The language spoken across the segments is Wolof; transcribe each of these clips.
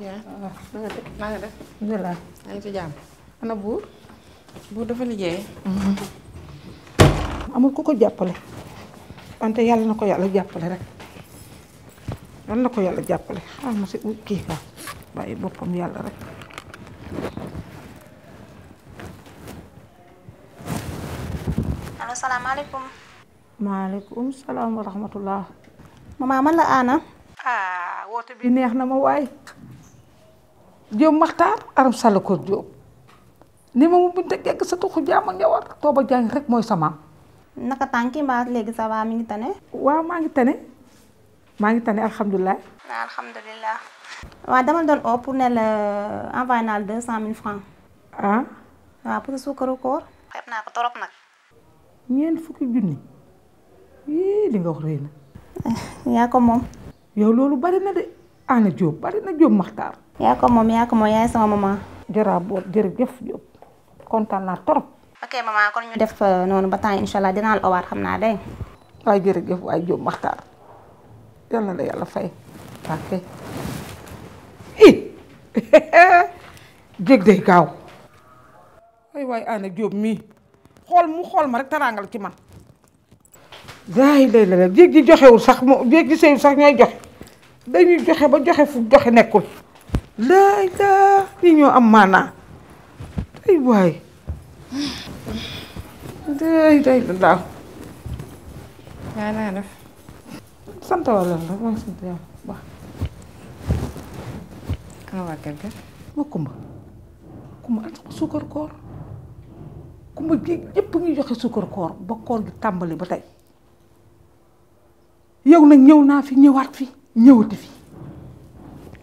yaa ah. ngi ci jàmm. ana buur. buur dafa liggéey. amul ku ko jàppale. wante yàlla na ko yàlla jàppale rek. yàlla na ko yàlla jàppale ah ma si kii ba bàyyi boppam yàlla rek. allo salaamaaleykum. maaleykum salaam wa rahmatullah. maman man la Anna. ah woote bi neex na ma waay. Jóob Maxtaar aram sàll ko ni ma mu binta gegg sa tuxu jaam ak njawar Tooba Jaañ rek mooy sama maam naka tànki mbaa léegi ça va mi ngi tane waa maa ngi tane maa ngi tane alhamdulilah alhamdulilah waaw dama doon oo pour ne la euh, naa la deux cent mille francs ah waaw pour suukaru koor xeeb naa ko torop nag ñeent fukki junni yii li nga wax rëy na yaa ko moom yow loolu bari na de ana Jóob bari na Jóob Maxtaar yaa ko moom yaa ko moom yaay sama maman. jërëjëf jërëjëf Diop kontaan naa trop. ok maman kon ñu def euh, noonu ba temps incha allah dinaa la owaat xam naa day waaye jërëjëf waay Diop Maxtaar yal na la yàlla fay. ok. jég day gaaw. ay waay Anna Diop mii xool mu xool ma rek ci man. daay lay joxewul sax moom jéeg ji sëyul sax ñooy joxe joxe ba joxe fu joxe nekkul. laay laa yi ñoo am maanaa ay waay day day la daaw yaa naa def sant wala la maa ma kumba kumba ak suukar koor kumba gi yëpp ngi joxe suukar koor ba koor gi tàmbali ba tey yow na ñëw naa fi ñëwaat fi ñëwati fi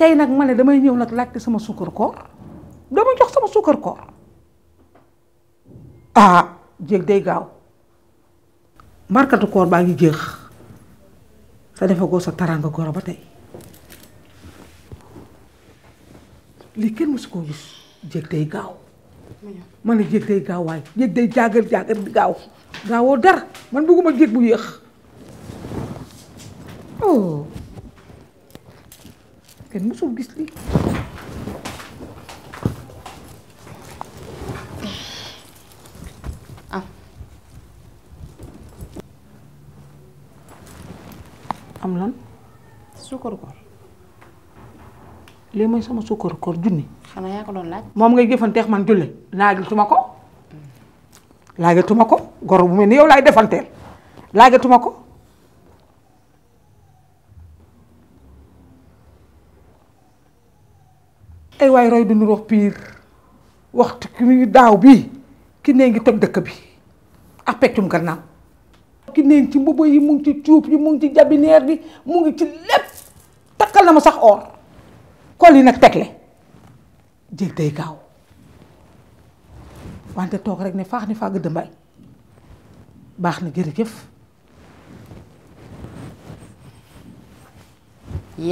tey nag ma ne damay ñëw nag laajte sama suukar koor dama jox sama suukar koor ah jéeg day gaaw markatu koor baa ngi jeex te defagoo sa taranga goro ba tey lii kenn mësu koo gis jéeg day gaaw ma ne jéeg day gaaw waaye jéeg day jaagar jaagar di gaaw gaawoo dara man bëgguma jéeg bu yéex oh. kenn mësul gis lii. am ah. am lan. sukkur koor. mooy sama sukkur koor junni. xanaa yaa ko doon laaj. moom ngay jëfanteex man julle laagatuma ko. laagatuma ko goro bu mel ni yow laay defanteel laagatuma ko. ay waay roy du nuroog piir waxtu ki daaw bi ki nee ngi toj dëkk bi ak peccum gannaaw ki nee ci mbubb yi mu ngi ci cuub yi mu ngi ci jabineer bi mu ngi ci lépp takkal na ma sax or kol yi nag tegle jéeg day gaaw wante toog rek ne faax ni faa gëdd mbay baax na jërëjëf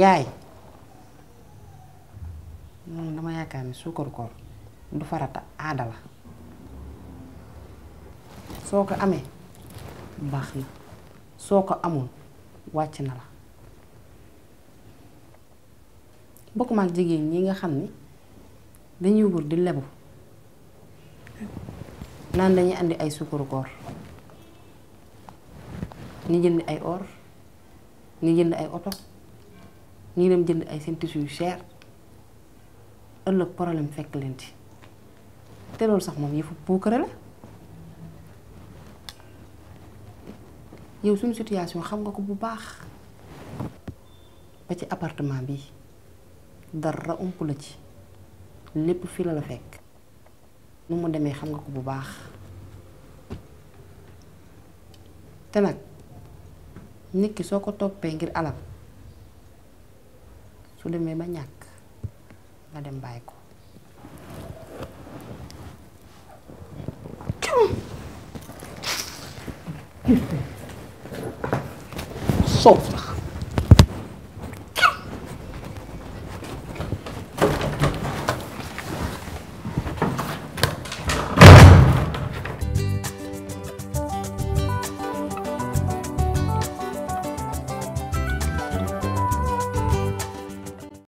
yaay man dama yaakaar ne suukaru koor du farata aadala soo ko amee baax na soo ko amul wàcc na la bokkuma jigéen ñi nga xam ni dañuy wër di lebu naan dañuy àndi ay suukaru koor ñu jënd ay or ñu jënd ay oto ñu dem jënd ay seen tissu yu cher ëllëg problème fekk leen ci te loolu sax moom yëfu puukare la yow suñu situation xam nga ko bu baax ba ci apartement bi dara ëmp la ci lépp fii la la fekk nu mu demee xam nga ko bu baax te nag nit ki soo ko toppee ngir alal su demee ba ñàkk nga dem bàyyi ko soof